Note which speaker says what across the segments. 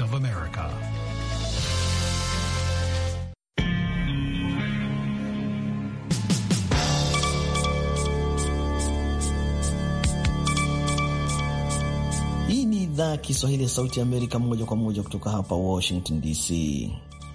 Speaker 1: of America.
Speaker 2: Hii ni idhaa ya Kiswahili ya Sauti ya Amerika moja kwa moja kutoka hapa Washington DC.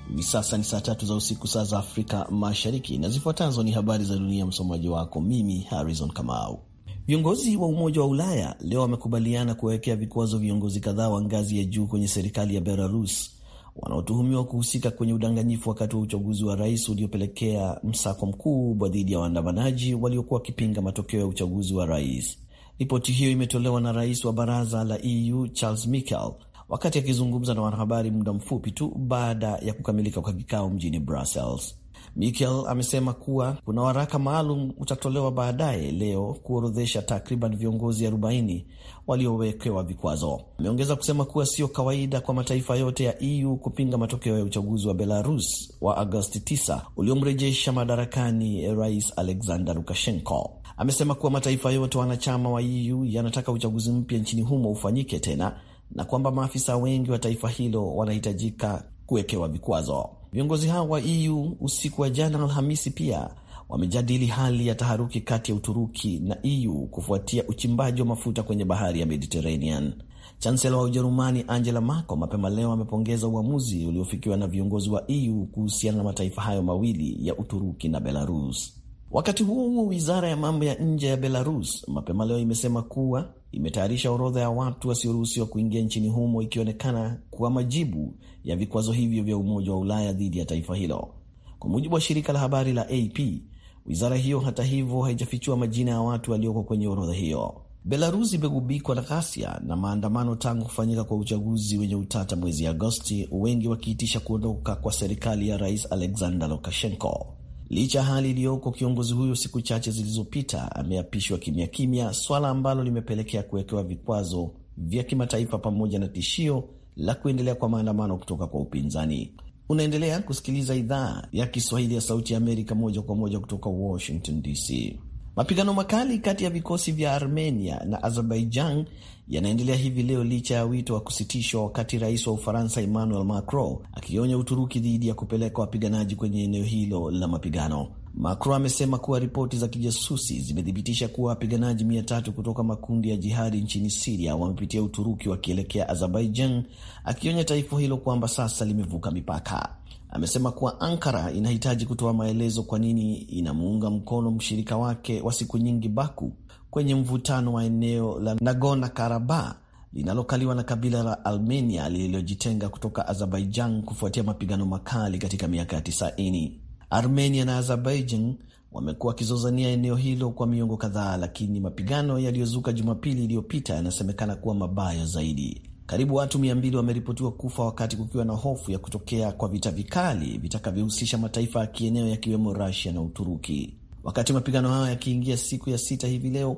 Speaker 2: Hivi sasa ni saa tatu za usiku, saa za Afrika Mashariki, na zifuatazo ni habari za dunia. Msomaji wako mimi Harrison Kamau. Viongozi wa Umoja wa Ulaya leo wamekubaliana kuwawekea vikwazo viongozi kadhaa wa ngazi ya juu kwenye serikali ya Belarus wanaotuhumiwa kuhusika kwenye udanganyifu wakati wa uchaguzi wa rais uliopelekea msako mkubwa dhidi ya waandamanaji waliokuwa wakipinga matokeo ya uchaguzi wa rais. Ripoti hiyo imetolewa na rais wa baraza la EU Charles Michel wakati akizungumza na wanahabari muda mfupi tu baada ya kukamilika kwa kikao mjini Brussels. Mikel amesema kuwa kuna waraka maalum utatolewa baadaye leo kuorodhesha takriban viongozi 40 waliowekewa vikwazo. Ameongeza kusema kuwa sio kawaida kwa mataifa yote ya EU kupinga matokeo ya uchaguzi wa Belarus wa Agosti 9 uliomrejesha madarakani Rais Alexander Lukashenko. Amesema kuwa mataifa yote wanachama wa EU yanataka uchaguzi mpya nchini humo ufanyike tena na kwamba maafisa wengi wa taifa hilo wanahitajika kuwekewa vikwazo. Viongozi hao wa EU usiku wa jana Alhamisi pia wamejadili hali ya taharuki kati ya Uturuki na EU kufuatia uchimbaji wa mafuta kwenye bahari ya Mediterranean. Chansela wa Ujerumani Angela Merkel mapema leo amepongeza uamuzi uliofikiwa na viongozi wa EU kuhusiana na mataifa hayo mawili ya Uturuki na Belarus. Wakati huo huo, wizara ya mambo ya nje ya Belarus mapema leo imesema kuwa imetayarisha orodha ya watu wasioruhusiwa kuingia nchini humo, ikionekana kuwa majibu ya vikwazo hivyo vya Umoja wa Ulaya dhidi ya taifa hilo, kwa mujibu wa shirika la habari la AP. Wizara hiyo hata hivyo haijafichua majina ya watu walioko kwenye orodha hiyo. Belarus imegubikwa na ghasia na maandamano tangu kufanyika kwa uchaguzi wenye utata mwezi Agosti, wengi wakiitisha kuondoka kwa serikali ya rais Alexander Lukashenko. Licha ya hali iliyoko, kiongozi huyo siku chache zilizopita ameapishwa kimya kimya, swala ambalo limepelekea kuwekewa vikwazo vya kimataifa pamoja na tishio la kuendelea kwa maandamano kutoka kwa upinzani. Unaendelea kusikiliza idhaa ya Kiswahili ya Sauti ya Amerika moja kwa moja kutoka Washington DC. Mapigano makali kati ya vikosi vya Armenia na Azerbaijan yanaendelea hivi leo licha ya wito wa kusitishwa, wakati rais wa Ufaransa Emmanuel Macron akionya Uturuki dhidi ya kupeleka wapiganaji kwenye eneo hilo la mapigano. Macron amesema kuwa ripoti za kijasusi zimethibitisha kuwa wapiganaji mia tatu kutoka makundi ya jihadi nchini Siria wamepitia Uturuki wakielekea Azerbaijan, akionya taifa hilo kwamba sasa limevuka mipaka amesema kuwa Ankara inahitaji kutoa maelezo kwa nini inamuunga mkono mshirika wake wa siku nyingi Baku kwenye mvutano wa eneo la nagona Karabakh linalokaliwa na kabila la Armenia lililojitenga kutoka Azerbaijan kufuatia mapigano makali katika miaka ya 90. Armenia na Azerbaijan wamekuwa wakizozania eneo hilo kwa miongo kadhaa, lakini mapigano yaliyozuka Jumapili iliyopita yanasemekana kuwa mabaya zaidi. Karibu watu 200 wameripotiwa kufa wakati kukiwa na hofu ya kutokea kwa vita vikali vitakavyohusisha mataifa ya kieneo yakiwemo Rusia na Uturuki. Wakati mapigano hayo yakiingia siku ya sita hivi leo,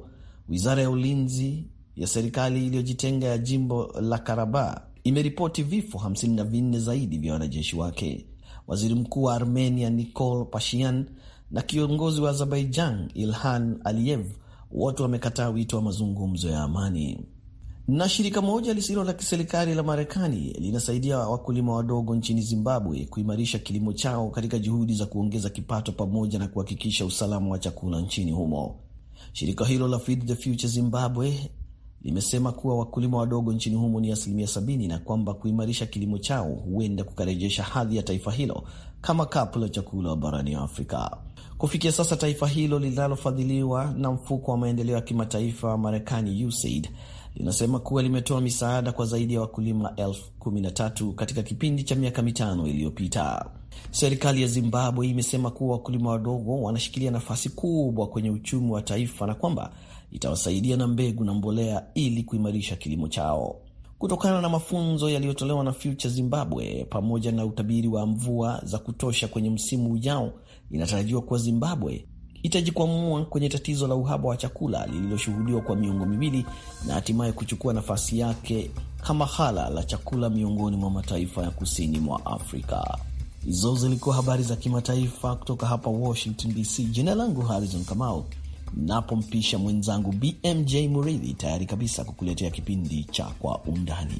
Speaker 2: wizara ya ulinzi ya serikali iliyojitenga ya jimbo la karaba imeripoti vifo 54 zaidi vya wanajeshi wake. Waziri mkuu wa Armenia Nikol Pashinyan na kiongozi wa Azerbaijan Ilhan Aliyev wote wamekataa wito wa mazungumzo ya amani. Na shirika moja lisilo la kiserikali la Marekani linasaidia wakulima wadogo nchini Zimbabwe kuimarisha kilimo chao katika juhudi za kuongeza kipato pamoja na kuhakikisha usalama wa chakula nchini humo. Shirika hilo la Feed the Future Zimbabwe limesema kuwa wakulima wadogo nchini humo ni asilimia sb na kwamba kuimarisha kilimo chao huenda kukarejesha hadhi ya taifa hilo kama kapu la chakula barani Afrika. Kufikia sasa taifa hilo linalofadhiliwa na mfuko wa maendeleo ya kimataifa wa Marekani, USAID linasema kuwa limetoa misaada kwa zaidi ya wakulima elfu kumi na tatu katika kipindi cha miaka mitano iliyopita. Serikali ya Zimbabwe imesema kuwa wakulima wadogo wanashikilia nafasi kubwa kwenye uchumi wa taifa na kwamba itawasaidia na mbegu na mbolea ili kuimarisha kilimo chao. Kutokana na mafunzo yaliyotolewa na Future Zimbabwe pamoja na utabiri wa mvua za kutosha kwenye msimu ujao, inatarajiwa kuwa Zimbabwe itajikwamua kwenye tatizo la uhaba wa chakula lililoshuhudiwa kwa miongo miwili na hatimaye kuchukua nafasi yake kama hala la chakula miongoni mwa mataifa ya kusini mwa Afrika. Hizo zilikuwa habari za kimataifa kutoka hapa Washington DC. Jina langu Harrison Kamau, napompisha mwenzangu BMJ Muridhi, tayari kabisa kukuletea kipindi cha Kwa Undani.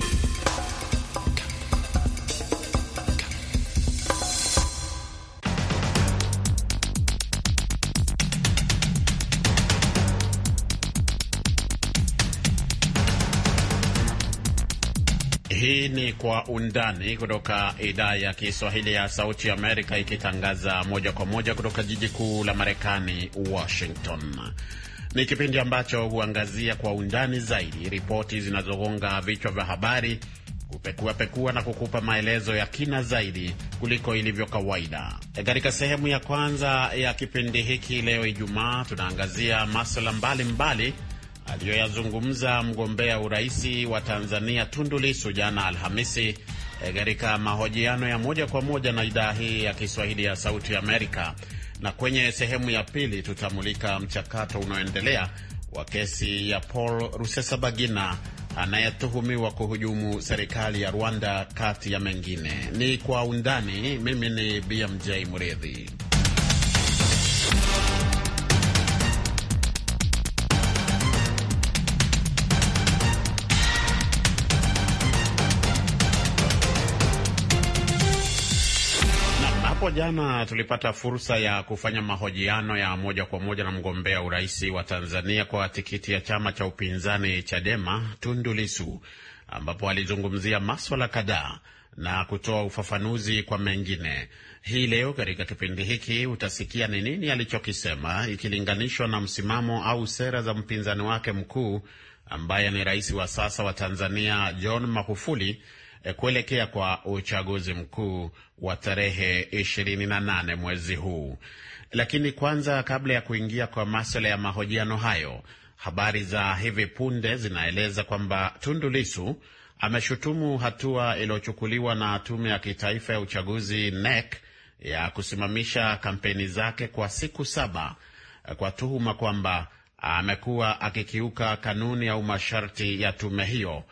Speaker 3: Kwa Undani kutoka idhaa ya Kiswahili ya Sauti Amerika, ikitangaza moja kwa moja kutoka jiji kuu la Marekani, Washington. Ni kipindi ambacho huangazia kwa undani zaidi ripoti zinazogonga vichwa vya habari, kupekuapekua na kukupa maelezo ya kina zaidi kuliko ilivyo kawaida. E, katika sehemu ya kwanza ya kipindi hiki leo Ijumaa, tunaangazia maswala mbalimbali aliyoyazungumza mgombea uraisi wa Tanzania Tundu Lissu jana Alhamisi eh, katika mahojiano ya moja kwa moja na idhaa hii ya Kiswahili ya Sauti Amerika. Na kwenye sehemu ya pili tutamulika mchakato unaoendelea wa kesi ya Paul Rusesabagina anayetuhumiwa kuhujumu serikali ya Rwanda kati ya mengine. Ni kwa undani. Mimi ni BMJ mridhi jana tulipata fursa ya kufanya mahojiano ya moja kwa moja na mgombea urais wa Tanzania kwa tikiti ya chama cha upinzani Chadema, Tundu Lissu, ambapo alizungumzia maswala kadhaa na kutoa ufafanuzi kwa mengine. Hii leo katika kipindi hiki utasikia ni nini alichokisema ikilinganishwa na msimamo au sera za mpinzani wake mkuu ambaye ni rais wa sasa wa Tanzania John Magufuli Eh, kuelekea kwa uchaguzi mkuu wa tarehe 28 mwezi huu. Lakini kwanza, kabla ya kuingia kwa maswala ya mahojiano hayo, habari za hivi punde zinaeleza kwamba Tundu Lisu ameshutumu hatua iliyochukuliwa na tume ya kitaifa ya uchaguzi NEC ya kusimamisha kampeni zake kwa siku saba eh, kwa tuhuma kwamba amekuwa akikiuka kanuni au masharti ya tume hiyo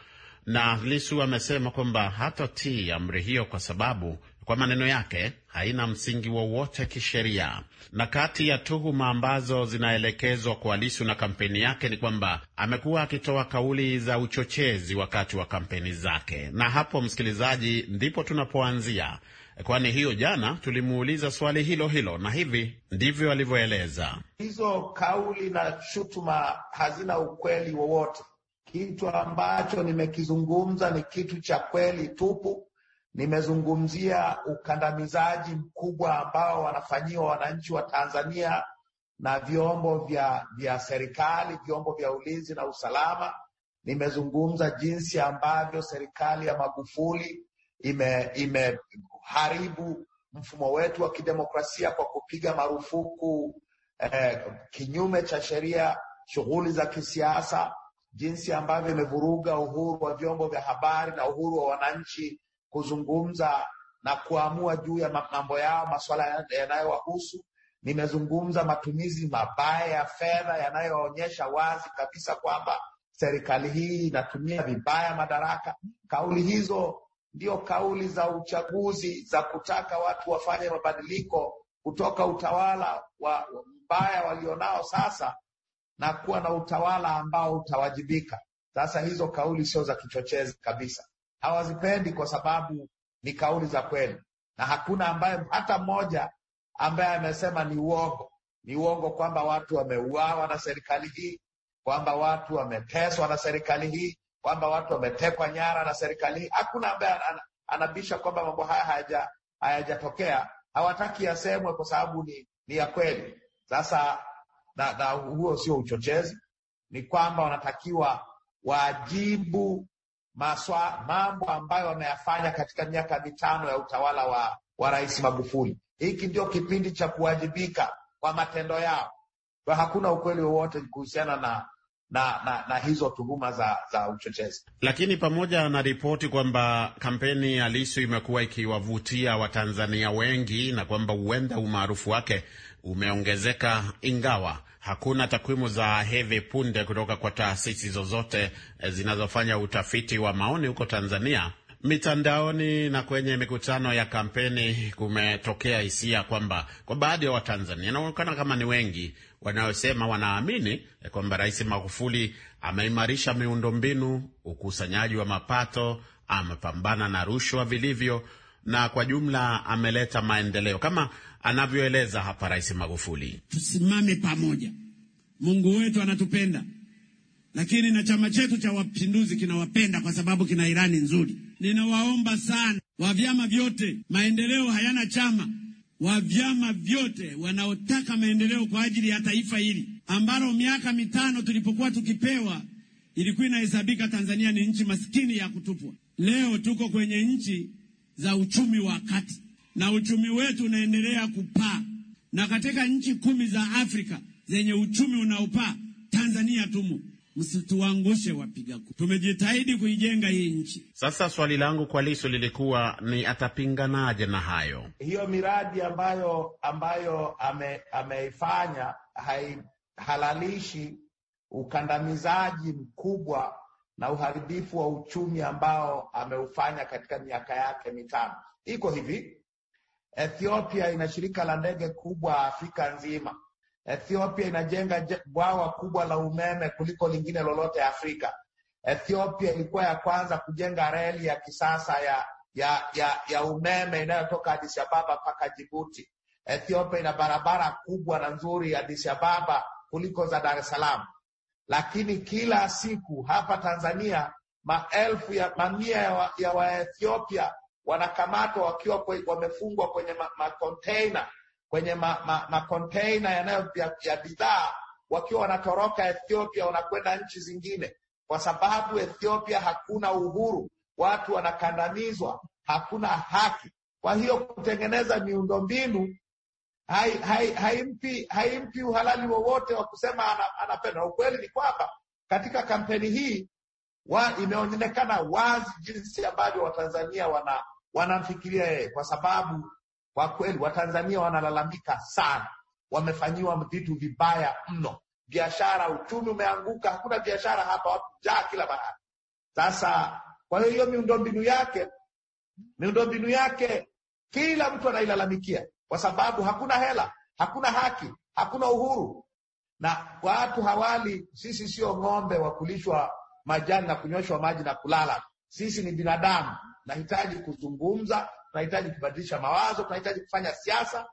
Speaker 3: na Lisu amesema kwamba hatatii amri hiyo kwa sababu kwa maneno yake haina msingi wowote kisheria. Na kati ya tuhuma ambazo zinaelekezwa kwa Lisu na kampeni yake ni kwamba amekuwa akitoa kauli za uchochezi wakati wa kampeni zake. Na hapo, msikilizaji, ndipo tunapoanzia, kwani hiyo jana tulimuuliza swali hilo hilo na hivi ndivyo alivyoeleza.
Speaker 4: Hizo kauli na shutuma hazina ukweli wowote kitu ambacho nimekizungumza ni kitu cha kweli tupu. Nimezungumzia ukandamizaji mkubwa ambao wanafanyiwa wananchi wa Tanzania na vyombo vya, vya serikali, vyombo vya ulinzi na usalama. Nimezungumza jinsi ambavyo serikali ya Magufuli imeharibu ime mfumo wetu wa kidemokrasia kwa kupiga marufuku eh, kinyume cha sheria shughuli za kisiasa jinsi ambavyo imevuruga uhuru wa vyombo vya habari na uhuru wa wananchi kuzungumza na kuamua juu ya mambo yao, masuala yanayowahusu. Nimezungumza matumizi mabaya ya fedha yanayoonyesha wazi kabisa kwamba serikali hii inatumia vibaya madaraka. Kauli hizo ndio kauli za uchaguzi za kutaka watu wafanye mabadiliko kutoka utawala wa mbaya walionao sasa na kuwa na utawala ambao utawajibika. Sasa hizo kauli sio za kichochezi kabisa, hawazipendi kwa sababu ni kauli za kweli, na hakuna ambaye hata mmoja ambaye amesema ni uongo, ni uongo kwamba watu wameuawa na serikali hii, kwamba watu wameteswa na serikali hii, kwamba watu wametekwa nyara na serikali hii. Hakuna ambaye anabisha kwamba mambo haya hayajatokea. Hawataki yasemwe kwa sababu ni, ni ya kweli. Sasa na, na huo sio uchochezi, ni kwamba wanatakiwa wajibu maswa mambo ambayo wameyafanya katika miaka mitano ya utawala wa, wa Rais Magufuli. Hiki ndio kipindi cha kuwajibika kwa matendo yao. Kwa hakuna ukweli wowote kuhusiana na na, na, na hizo tuhuma za, za uchochezi.
Speaker 3: Lakini pamoja na ripoti kwamba kampeni ya Lissu imekuwa ikiwavutia Watanzania wengi na kwamba huenda umaarufu wake umeongezeka ingawa hakuna takwimu za hivi punde kutoka kwa taasisi zozote eh, zinazofanya utafiti wa maoni huko Tanzania. Mitandaoni na kwenye mikutano ya kampeni kumetokea hisia kwamba kwa baadhi ya Watanzania inaonekana kama ni wengi wanaosema wanaamini eh, kwamba Rais Magufuli ameimarisha miundombinu, ukusanyaji wa mapato, amepambana na rushwa vilivyo, na kwa jumla ameleta maendeleo kama anavyoeleza hapa Rais Magufuli. Tusimame pamoja, Mungu wetu anatupenda, lakini na chama chetu cha Mapinduzi kinawapenda kwa sababu kina irani nzuri. Ninawaomba sana wa vyama vyote, maendeleo hayana chama wa vyama vyote wanaotaka maendeleo kwa ajili ya taifa hili ambalo miaka mitano tulipokuwa tukipewa ilikuwa inahesabika Tanzania ni nchi maskini ya kutupwa. Leo tuko kwenye nchi za uchumi wa kati, na uchumi wetu unaendelea kupaa, na katika nchi kumi za Afrika zenye uchumi unaopaa Tanzania tumo. Msituangushe wapiga kura. Tumejitahidi kuijenga hii nchi. Sasa swali langu kwa Lisu lilikuwa ni atapinganaje na hayo?
Speaker 4: Hiyo miradi ambayo ambayo ame, ameifanya haihalalishi ukandamizaji mkubwa na uharibifu wa uchumi ambao ameufanya katika miaka yake mitano. Iko hivi, Ethiopia ina shirika la ndege kubwa Afrika nzima. Ethiopia inajenga bwawa kubwa la umeme kuliko lingine lolote Afrika. Ethiopia ilikuwa ya kwanza kujenga reli ya kisasa ya ya ya, ya umeme inayotoka Addis Ababa mpaka Jibuti. Ethiopia ina barabara kubwa na nzuri Addis Ababa kuliko za Dar es Salaam lakini kila siku hapa Tanzania maelfu ya mamia ya Waethiopia wa wanakamatwa wakiwa kwe, wamefungwa kwenye makontena ma kwenye makontena ma, ma yanayo ya, ya bidhaa wakiwa wanatoroka Ethiopia wanakwenda nchi zingine, kwa sababu Ethiopia hakuna uhuru, watu wanakandamizwa, hakuna haki. Kwa hiyo kutengeneza miundombinu haimpi hai, hai haimpi uhalali wowote wa kusema anapenda. Ukweli ni kwamba katika kampeni hii wa, imeonekana wazi jinsi ambavyo Watanzania wana wanamfikiria yeye, kwa sababu kwa kweli Watanzania wanalalamika sana, wamefanyiwa vitu vibaya mno, biashara, uchumi umeanguka, hakuna biashara hapa, watu jaa kila mahali. Sasa kwa hiyo hiyo miundombinu yake miundombinu yake kila mtu anailalamikia kwa sababu hakuna hela, hakuna haki, hakuna uhuru na watu hawali. Sisi sio ng'ombe wa kulishwa majani na kunyoshwa maji na kulala. Sisi ni binadamu, tunahitaji kuzungumza, tunahitaji kubadilisha mawazo, tunahitaji kufanya siasa,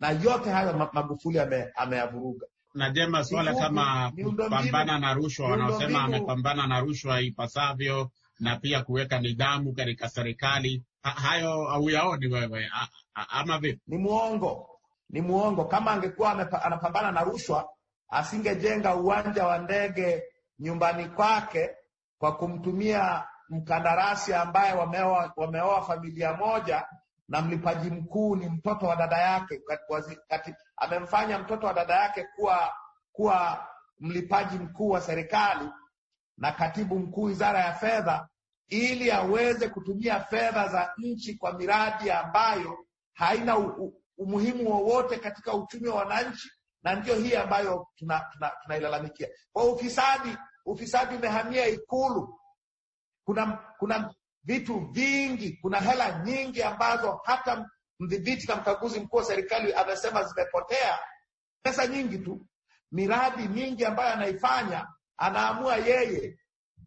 Speaker 4: na yote hayo Magufuli ameyavuruga. Najema swala kama kupambana na rushwa, wanaosema
Speaker 3: amepambana na rushwa ipasavyo na pia kuweka nidhamu katika serikali
Speaker 4: hayo auyaoni wewe ama vipi? Ni muongo, ni mwongo. Kama angekuwa anapambana na rushwa, asingejenga uwanja wa ndege nyumbani kwake kwa kumtumia mkandarasi ambaye wameoa, wameoa familia moja na mlipaji mkuu ni mtoto wa dada yake. Amemfanya mtoto wa dada yake kuwa kuwa mlipaji mkuu wa serikali na katibu mkuu wizara ya fedha ili aweze kutumia fedha za nchi kwa miradi ambayo haina umuhimu wowote katika uchumi wa wananchi, na ndiyo hii ambayo tunailalamikia tuna, tuna kwa ufisadi. Ufisadi umehamia Ikulu. Kuna kuna vitu vingi, kuna hela nyingi ambazo hata mdhibiti na mkaguzi mkuu wa serikali amesema zimepotea, pesa nyingi tu, miradi mingi ambayo anaifanya anaamua yeye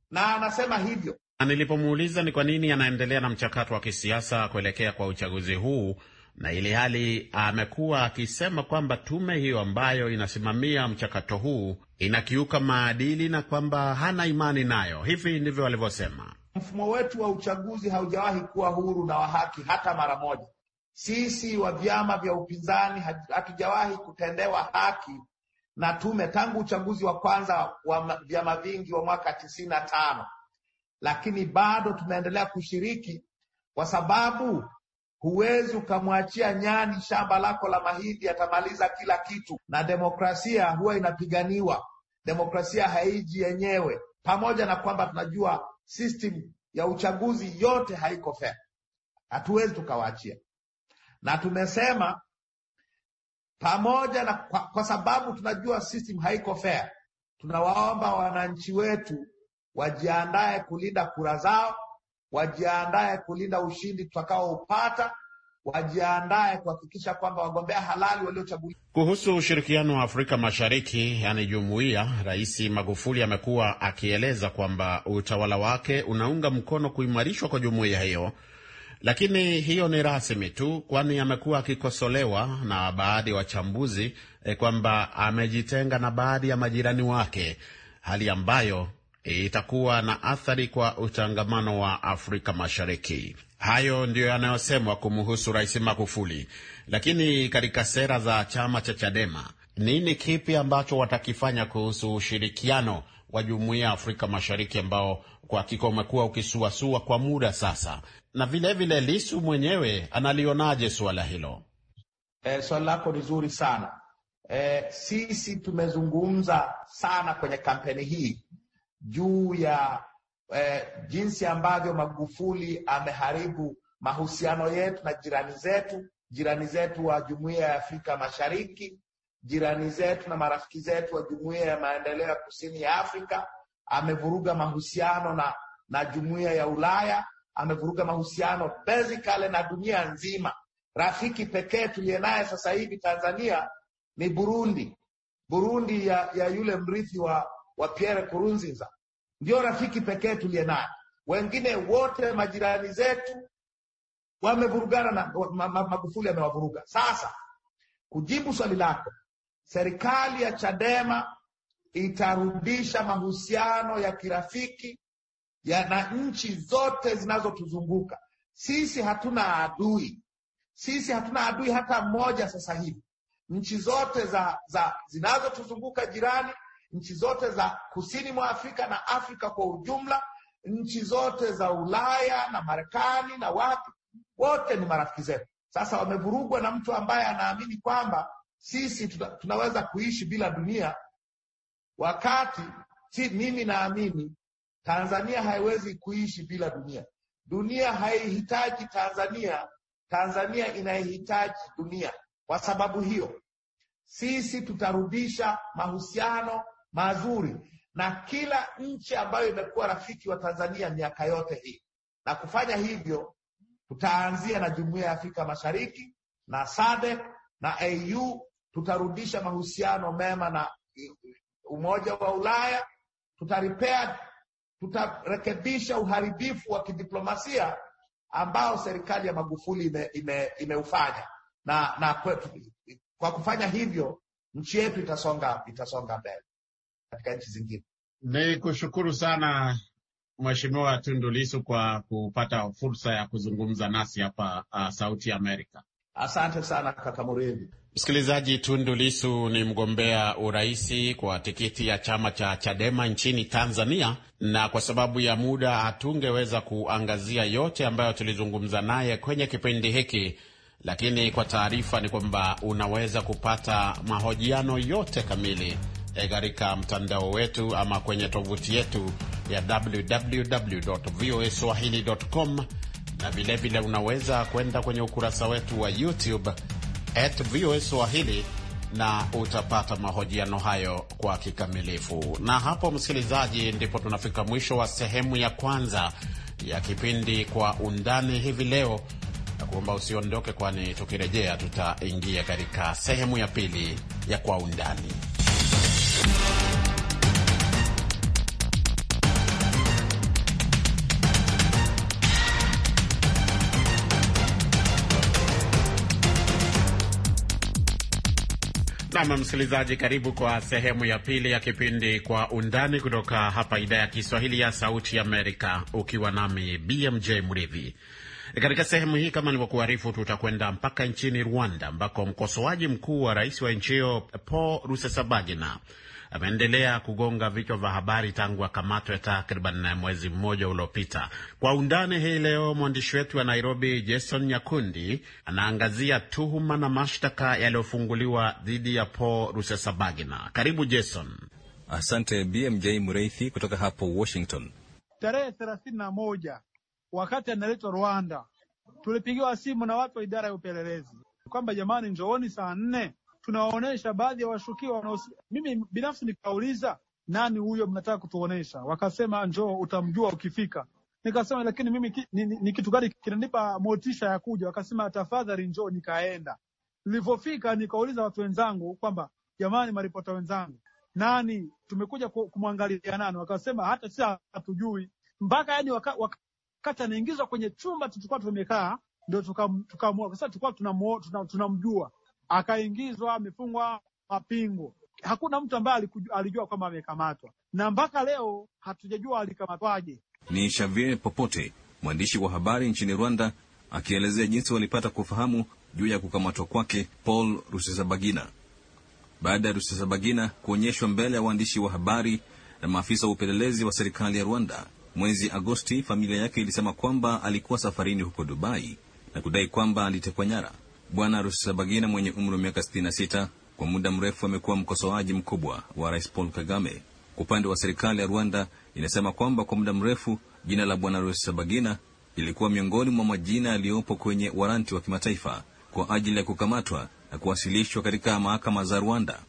Speaker 4: na anasema hivyo
Speaker 3: na nilipomuuliza ni kwa nini anaendelea na mchakato wa kisiasa kuelekea kwa uchaguzi huu, na ili hali amekuwa akisema kwamba tume hiyo ambayo inasimamia mchakato huu inakiuka maadili na kwamba hana imani nayo. Hivi ndivyo walivyosema
Speaker 4: mfumo wetu wa uchaguzi haujawahi kuwa huru na wa haki hata mara moja. Sisi wa vyama vya upinzani hatujawahi kutendewa haki na tume tangu uchaguzi wa kwanza wa vyama vingi wa mwaka tisini na tano lakini bado tunaendelea kushiriki, kwa sababu huwezi ukamwachia nyani shamba lako la mahindi, atamaliza kila kitu. Na demokrasia huwa inapiganiwa, demokrasia haiji yenyewe, pamoja na kwamba tunajua system ya uchaguzi yote haiko fair, hatuwezi tukawaachia. Na tumesema pamoja na kwa, kwa sababu tunajua system haiko fair, tunawaomba wananchi wetu wajiandae kulinda kura zao, wajiandae kulinda ushindi tutakaoupata, wajiandae kuhakikisha kwamba wagombea halali waliochaguliwa.
Speaker 5: Kuhusu
Speaker 3: ushirikiano wa Afrika Mashariki, yani jumuiya, Rais Magufuli amekuwa akieleza kwamba utawala wake unaunga mkono kuimarishwa kwa jumuiya hiyo, lakini hiyo ni rasmi tu, kwani amekuwa akikosolewa na baadhi ya wachambuzi eh, kwamba amejitenga na baadhi ya majirani wake, hali ambayo E, itakuwa na athari kwa utangamano wa Afrika Mashariki. Hayo ndiyo yanayosemwa kumhusu Rais Magufuli. Lakini katika sera za chama cha Chadema, nini kipi ambacho watakifanya kuhusu ushirikiano wa jumuiya ya Afrika Mashariki ambao kwa hakika umekuwa ukisuasua kwa muda sasa, na vilevile vile Lisu mwenyewe analionaje suala hilo?
Speaker 4: E, eh, swali lako ni zuri sana. E, sisi tumezungumza sana kwenye kampeni hii juu ya eh, jinsi ambavyo Magufuli ameharibu mahusiano yetu na jirani zetu, jirani zetu wa Jumuiya ya Afrika Mashariki, jirani zetu na marafiki zetu wa Jumuiya ya Maendeleo ya Kusini ya Afrika. Amevuruga mahusiano na, na Jumuiya ya Ulaya, amevuruga mahusiano basically na dunia nzima. Rafiki pekee tuliye naye sasa hivi Tanzania ni Burundi. Burundi ya, ya yule mrithi wa wa Pierre Kurunziza ndio rafiki pekee tuliye naye. Wengine wote majirani zetu wamevurugana na Magufuli amewavuruga. Sasa kujibu swali lako, serikali ya Chadema itarudisha mahusiano ya kirafiki ya na nchi zote zinazotuzunguka. Sisi hatuna adui, sisi hatuna adui hata mmoja sasa hivi. Nchi zote za, za zinazotuzunguka jirani nchi zote za kusini mwa Afrika na Afrika kwa ujumla, nchi zote za Ulaya na Marekani na wapi, wote ni marafiki zetu. Sasa wamevurugwa na mtu ambaye anaamini kwamba sisi tuna, tunaweza kuishi bila dunia, wakati si, mimi naamini Tanzania haiwezi kuishi bila dunia. Dunia haihitaji Tanzania, Tanzania inaihitaji dunia. Kwa sababu hiyo, sisi tutarudisha mahusiano mazuri na kila nchi ambayo imekuwa rafiki wa Tanzania miaka yote hii. Na kufanya hivyo, tutaanzia na Jumuiya ya Afrika Mashariki na SADC na AU, tutarudisha mahusiano mema na Umoja wa Ulaya, tutarepair, tutarekebisha uharibifu wa kidiplomasia ambao serikali ya Magufuli imeufanya ime, ime na, na kwa kufanya hivyo nchi yetu itasonga, itasonga mbele katika nchi zingine. Ni kushukuru
Speaker 3: sana Mheshimiwa Tundu kwa kupata fursa ya kuzungumza nasi hapa uh, Sauti ya Amerika. Asante sana kaka Murindi. Msikilizaji, Tundu Lisu ni mgombea uraisi kwa tikiti ya chama cha Chadema nchini Tanzania, na kwa sababu ya muda hatungeweza kuangazia yote ambayo tulizungumza naye kwenye kipindi hiki, lakini kwa taarifa ni kwamba unaweza kupata mahojiano yote kamili Eh, katika mtandao wetu ama kwenye tovuti yetu ya www.voaswahili.com na vilevile unaweza kwenda kwenye ukurasa wetu wa YouTube at VOA Swahili na utapata mahojiano hayo kwa kikamilifu. Na hapo, msikilizaji, ndipo tunafika mwisho wa sehemu ya kwanza ya kipindi Kwa Undani hivi leo, na kuomba usiondoke, kwani tukirejea tutaingia katika sehemu ya pili ya Kwa Undani. Nam msikilizaji, karibu kwa sehemu ya pili ya kipindi Kwa Undani kutoka hapa idhaa ya Kiswahili ya Sauti Amerika, ukiwa nami BMJ Mridhi. Katika sehemu hii, kama nilivyokuarifu, tutakwenda mpaka nchini Rwanda ambako mkosoaji mkuu wa rais wa nchi hiyo Paul Rusesabagina ameendelea kugonga vichwa vya habari tangu akamatwe takriban mwezi mmoja uliopita. Kwa undani hii leo, mwandishi wetu wa Nairobi Jason Nyakundi anaangazia tuhuma na mashtaka yaliyofunguliwa dhidi ya Paul
Speaker 5: Rusesabagina. Karibu Jason. Asante BMJ Mreithi kutoka hapo Washington.
Speaker 1: Tarehe thelathini na moja wakati analetwa Rwanda, tulipigiwa simu na watu wa idara ya upelelezi kwamba jamani, njooni saa nne tunawaonyesha baadhi ya washukiwa wanaos... Mimi binafsi nikauliza nani huyo mnataka kutuonesha? Wakasema njoo utamjua ukifika. Nikasema lakini mimi ki, ni, ni, ni kitu gani kinanipa motisha ya kuja? Wakasema tafadhali njoo. Nikaenda, nilivyofika nikauliza watu wenzangu kwamba jamani, maripota wenzangu, nani tumekuja kumwangalia nani? Wakasema hata sisi hatujui mpaka yani waka, waka, wakati anaingizwa kwenye chumba tulikuwa tumekaa ndio tukamua, kwa sababu tulikuwa tunamjua akaingizwa, amefungwa mapingo. Hakuna mtu ambaye alijua kwamba amekamatwa, na mpaka leo hatujajua alikamatwaje.
Speaker 5: Ni Xavier Popote, mwandishi wa habari nchini Rwanda, akielezea jinsi walipata kufahamu juu ya kukamatwa kwake Paul Rusesabagina baada ya Rusesabagina kuonyeshwa mbele ya waandishi wa habari na maafisa wa upelelezi wa serikali ya Rwanda mwezi Agosti. Familia yake ilisema kwamba alikuwa safarini huko Dubai na kudai kwamba alitekwa nyara. Bwana Rusesabagina mwenye umri wa miaka 66 kwa muda mrefu amekuwa mkosoaji mkubwa wa Rais Paul Kagame. Kwa upande wa serikali ya Rwanda inasema kwamba kwa muda mrefu jina la Bwana Rusesabagina ilikuwa miongoni mwa majina yaliyopo kwenye waranti wa kimataifa kwa ajili ya kukamatwa na kuwasilishwa katika mahakama za Rwanda.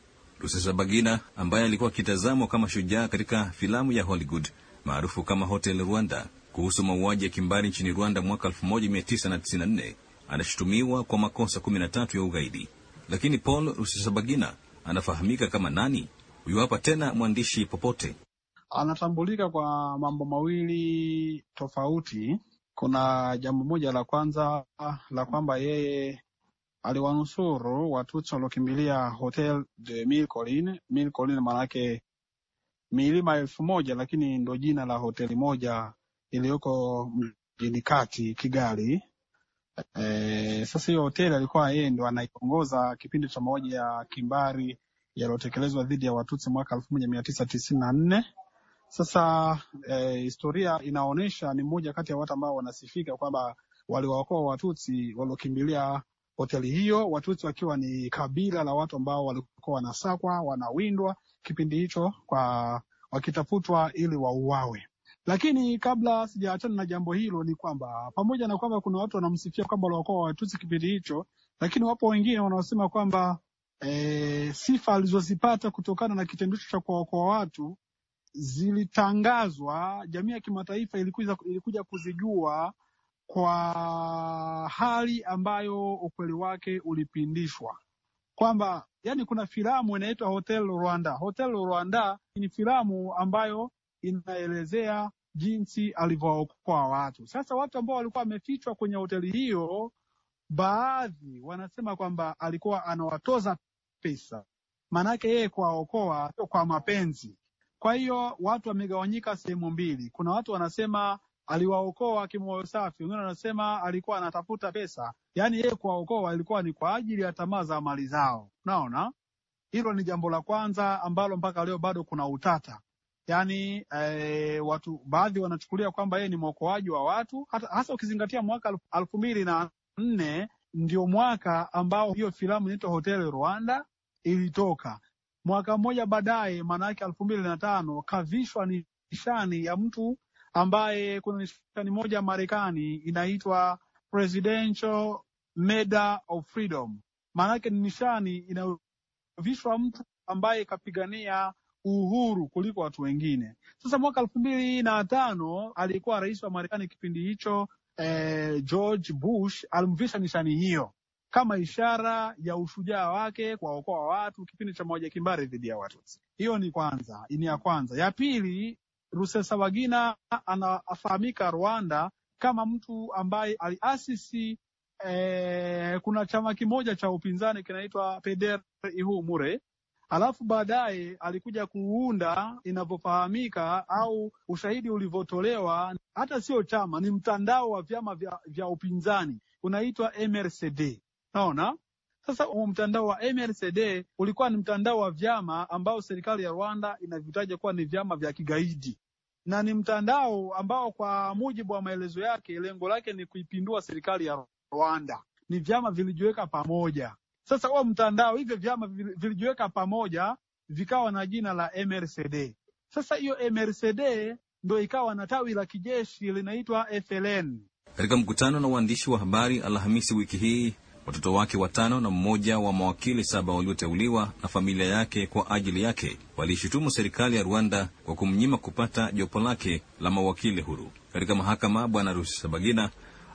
Speaker 5: Rusesabagina ambaye alikuwa akitazamwa kama shujaa katika filamu ya Hollywood maarufu kama Hotel Rwanda kuhusu mauaji ya kimbari nchini Rwanda mwaka 1994 anashutumiwa kwa makosa 13 ya ugaidi. Lakini Paul Rusesabagina anafahamika kama nani? Huyu hapa tena mwandishi Popote.
Speaker 1: Anatambulika kwa mambo mawili tofauti. Kuna jambo moja la kwanza la kwamba yeye aliwanusuru Watutsi waliokimbilia Hotel de Mille Collines. Mille Collines maanake milima elfu moja, lakini ndo jina la hoteli moja iliyoko mjini kati Kigali E, sasa hiyo hoteli alikuwa yeye ndo anaiongoza kipindi cha mauaji ya kimbari yaliyotekelezwa dhidi ya Watutsi mwaka elfu moja mia tisa tisini na nne. Sasa e, historia inaonyesha ni mmoja kati ya watu ambao wanasifika kwamba waliwaokoa Watutsi waliokimbilia hoteli hiyo, Watutsi wakiwa ni kabila la watu ambao walikuwa wanasakwa, wanawindwa kipindi hicho kwa wakitafutwa ili wauawe. Lakini kabla sijaachana na jambo hilo, ni kwamba pamoja na kwamba kuna watu wanamsifia kwamba walikuwa watusi kipindi hicho, lakini wapo wengine wanaosema kwamba e, sifa alizozipata kutokana na kitendo hicho cha kuwaokoa watu zilitangazwa, jamii ya kimataifa ilikuja, ilikuja kuzijua kwa hali ambayo ukweli wake ulipindishwa kwamba yani, kuna filamu inaitwa Hotel Rwanda. Hotel Rwanda ni filamu ambayo inaelezea jinsi alivyookoa watu. Sasa watu ambao walikuwa wamefichwa kwenye hoteli hiyo, baadhi wanasema kwamba alikuwa anawatoza pesa, maanake yeye kuwaokoa sio kwa mapenzi. Kwa hiyo watu wamegawanyika sehemu mbili, kuna watu wanasema aliwaokoa kimoyo safi, wengine wanasema alikuwa anatafuta pesa, yaani yeye kuwaokoa ilikuwa ni kwa ajili ya tamaa za mali zao. Naona hilo ni jambo la kwanza ambalo mpaka leo bado kuna utata yani e, eh, watu baadhi wanachukulia kwamba yeye ni mwokoaji wa watu, hasa ukizingatia mwaka elfu mbili na nne ndio mwaka ambao hiyo filamu inaitwa Hotel Rwanda ilitoka. Mwaka mmoja baadaye, yake elfu mbili na tano kavishwa ni nishani ya mtu ambaye kuna nishani moja Marekani inaitwa Presidential Medal of Freedom, ni nishani inayovishwa mtu ambaye kapigania uhuru kuliko watu wengine. Sasa mwaka elfu mbili na tano alikuwa rais wa Marekani kipindi hicho eh, George Bush alimvisha nishani hiyo kama ishara ya ushujaa wake kuwaokoa watu kipindi cha moja kimbari dhidi ya watu. Hiyo ni kwanza, ni ya kwanza. Ya pili, Rusesabagina anafahamika Rwanda kama mtu ambaye aliasisi eh, kuna chama kimoja cha upinzani kinaitwa Peder Ihumure alafu baadaye alikuja kuunda inavyofahamika au ushahidi ulivyotolewa, hata sio chama, ni mtandao wa vyama vya, vya upinzani unaitwa MRCD. Naona sasa mtandao wa MRCD ulikuwa ni mtandao wa vyama ambao serikali ya Rwanda inavitaja kuwa ni vyama vya kigaidi na ni mtandao ambao kwa mujibu wa maelezo yake lengo lake ni kuipindua serikali ya Rwanda. Ni vyama vilijiweka pamoja sasa huo mtandao, hivyo vyama vilijiweka pamoja vikawa na jina la MRCD. Sasa hiyo MRCD ndo ikawa na tawi la kijeshi linaitwa FLN.
Speaker 5: Katika mkutano na waandishi wa habari Alhamisi wiki hii, watoto wake watano na mmoja wa mawakili saba walioteuliwa na familia yake kwa ajili yake waliishutumu serikali ya Rwanda kwa kumnyima kupata jopo lake la mawakili huru katika mahakama. Bwana Rusesabagina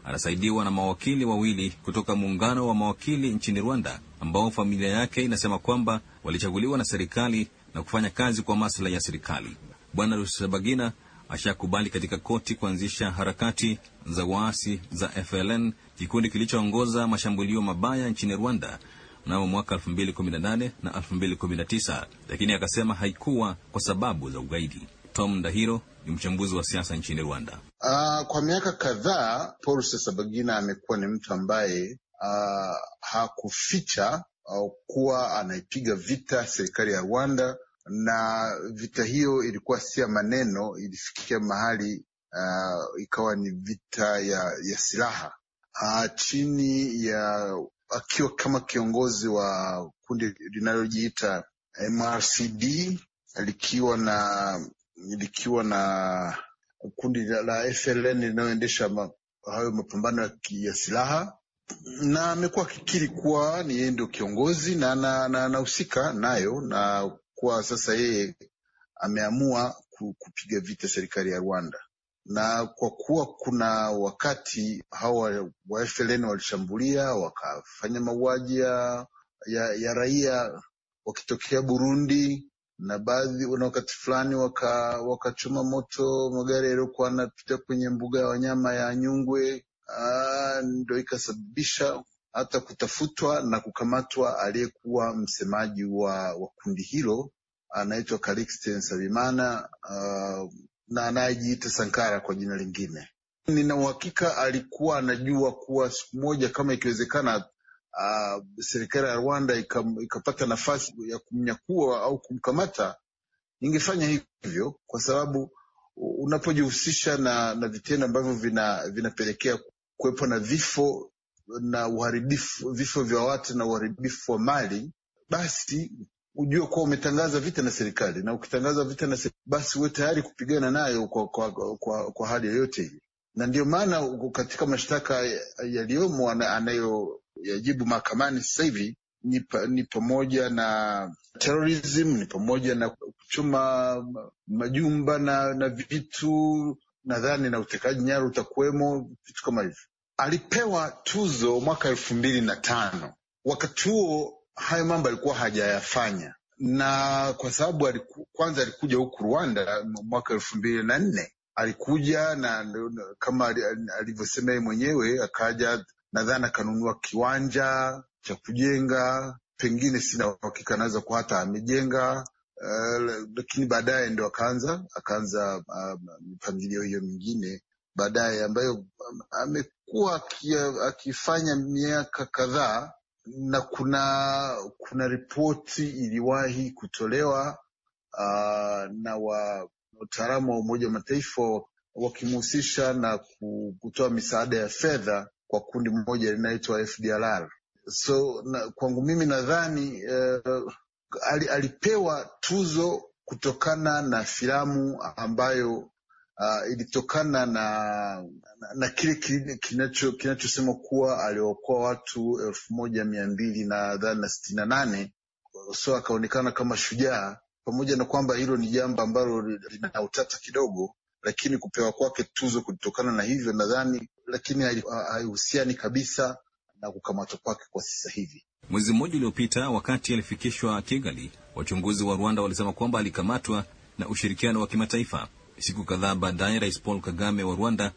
Speaker 5: anasaidiwa na mawakili wawili kutoka muungano wa mawakili nchini Rwanda ambao familia yake inasema kwamba walichaguliwa na serikali na kufanya kazi kwa maslahi ya serikali. Bwana rusabagina ashakubali katika koti kuanzisha harakati za waasi za FLN, kikundi kilichoongoza mashambulio mabaya nchini Rwanda mnamo mwaka 2018 na 2019, lakini akasema haikuwa kwa sababu za ugaidi. Tom Ndahiro ni mchambuzi wa siasa nchini Rwanda.
Speaker 6: Uh, kwa miaka kadhaa Paul Rusesabagina amekuwa ni mtu ambaye uh, hakuficha uh, kuwa anaipiga vita serikali ya Rwanda, na vita hiyo ilikuwa si ya maneno, ilifikia mahali uh, ikawa ni vita ya, ya silaha uh, chini ya akiwa kama kiongozi wa kundi linalojiita MRCD likiwa na likiwa na kundi la FLN linaloendesha hayo mapambano ya silaha, na amekuwa akikiri kuwa ni yeye ndio kiongozi na anahusika na, na nayo na kuwa sasa yeye ameamua kupiga vita serikali ya Rwanda na kwa kuwa kuna wakati hawa wa FLN walishambulia wakafanya mauaji ya, ya raia wakitokea Burundi na baadhi na wakati fulani wakachoma waka moto magari yaliyokuwa anapita kwenye mbuga ya wanyama ya Nyungwe. Ndo ikasababisha hata kutafutwa na kukamatwa aliyekuwa msemaji wa, wa kundi hilo anaitwa Calixte Nsabimana uh, na anayejiita Sankara kwa jina lingine. Nina uhakika alikuwa anajua kuwa siku moja kama ikiwezekana uh, serikali ya Rwanda ikapata nafasi ya kumnyakua au kumkamata, ingefanya hivyo, kwa sababu unapojihusisha na, na vitendo ambavyo vinapelekea vina kuwepo na vifo na uharibifu, vifo vya watu na uharibifu wa mali, basi ujue kuwa umetangaza vita na serikali, na ukitangaza vita na serikali, basi uwe tayari kupigana nayo kwa, kwa, kwa, kwa hali yoyote ile, na ndio maana katika mashtaka yaliyomo anayo yajibu mahakamani sasa hivi ni, pa, ni pamoja na terrorism, ni pamoja na kuchoma majumba na, na vitu nadhani na utekaji nyara utakuwemo, vitu kama hivyo. Alipewa tuzo mwaka elfu mbili na tano. Wakati huo hayo mambo alikuwa hajayafanya, na kwa sababu aliku, kwanza alikuja huku Rwanda mwaka elfu mbili na nne alikuja na, na kama alivyosema yeye mwenyewe akaja nadhani akanunua kiwanja cha kujenga, pengine sina uhakika, anaweza kuwa hata amejenga eh, lakini baadaye ndo akaanza akaanza um, mipangilio um, hiyo mingine baadaye ambayo um, amekuwa akifanya miaka kadhaa, na kuna kuna ripoti iliwahi kutolewa uh, na wataalamu wa Umoja wa Mataifa wakimuhusisha na kutoa misaada ya fedha kwa kundi moja linaitwa FDLR. So na, kwangu mimi nadhani uh, alipewa tuzo kutokana na filamu ambayo uh, ilitokana na, na, na kile kinacho kinachosema kuwa aliokoa watu elfu moja mia mbili dhani na sitini na nane so akaonekana kama shujaa, pamoja na kwamba hilo ni jambo ambalo lina utata kidogo, lakini kupewa kwake tuzo kutokana na hivyo nadhani lakini haihusiani kabisa na kukamatwa kwake kwa sasa hivi.
Speaker 5: Mwezi mmoja uliopita, wakati alifikishwa Kigali, wachunguzi wa Rwanda walisema kwamba alikamatwa na ushirikiano wa kimataifa. Siku kadhaa baadaye, Rais Paul Kagame wa Rwanda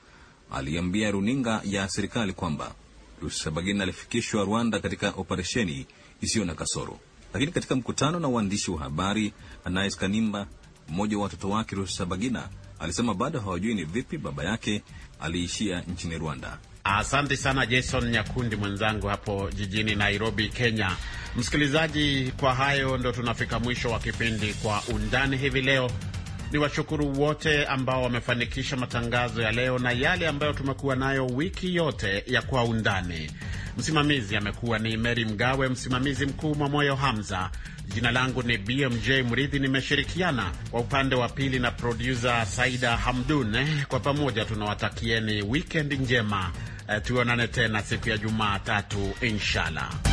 Speaker 5: aliambia runinga ya serikali kwamba Rusabagina alifikishwa Rwanda katika operesheni isiyo na kasoro. Lakini katika mkutano na waandishi wa habari, Anais Kanimba, mmoja wa watoto wake Rusabagina alisema bado hawajui ni vipi baba yake aliishia nchini Rwanda. Asante sana Jason Nyakundi
Speaker 3: mwenzangu hapo jijini Nairobi, Kenya. Msikilizaji, kwa hayo ndo tunafika mwisho wa kipindi Kwa Undani hivi leo. Ni washukuru wote ambao wamefanikisha matangazo ya leo na yale ambayo tumekuwa nayo wiki yote ya Kwa Undani. Msimamizi amekuwa ni Meri Mgawe, msimamizi mkuu Mwamoyo Hamza. Jina langu ni BMJ Mridhi, nimeshirikiana kwa upande wa pili na produsa Saida Hamdun. Kwa pamoja tunawatakieni wikend njema, eh, tuonane tena siku ya Jumatatu inshallah.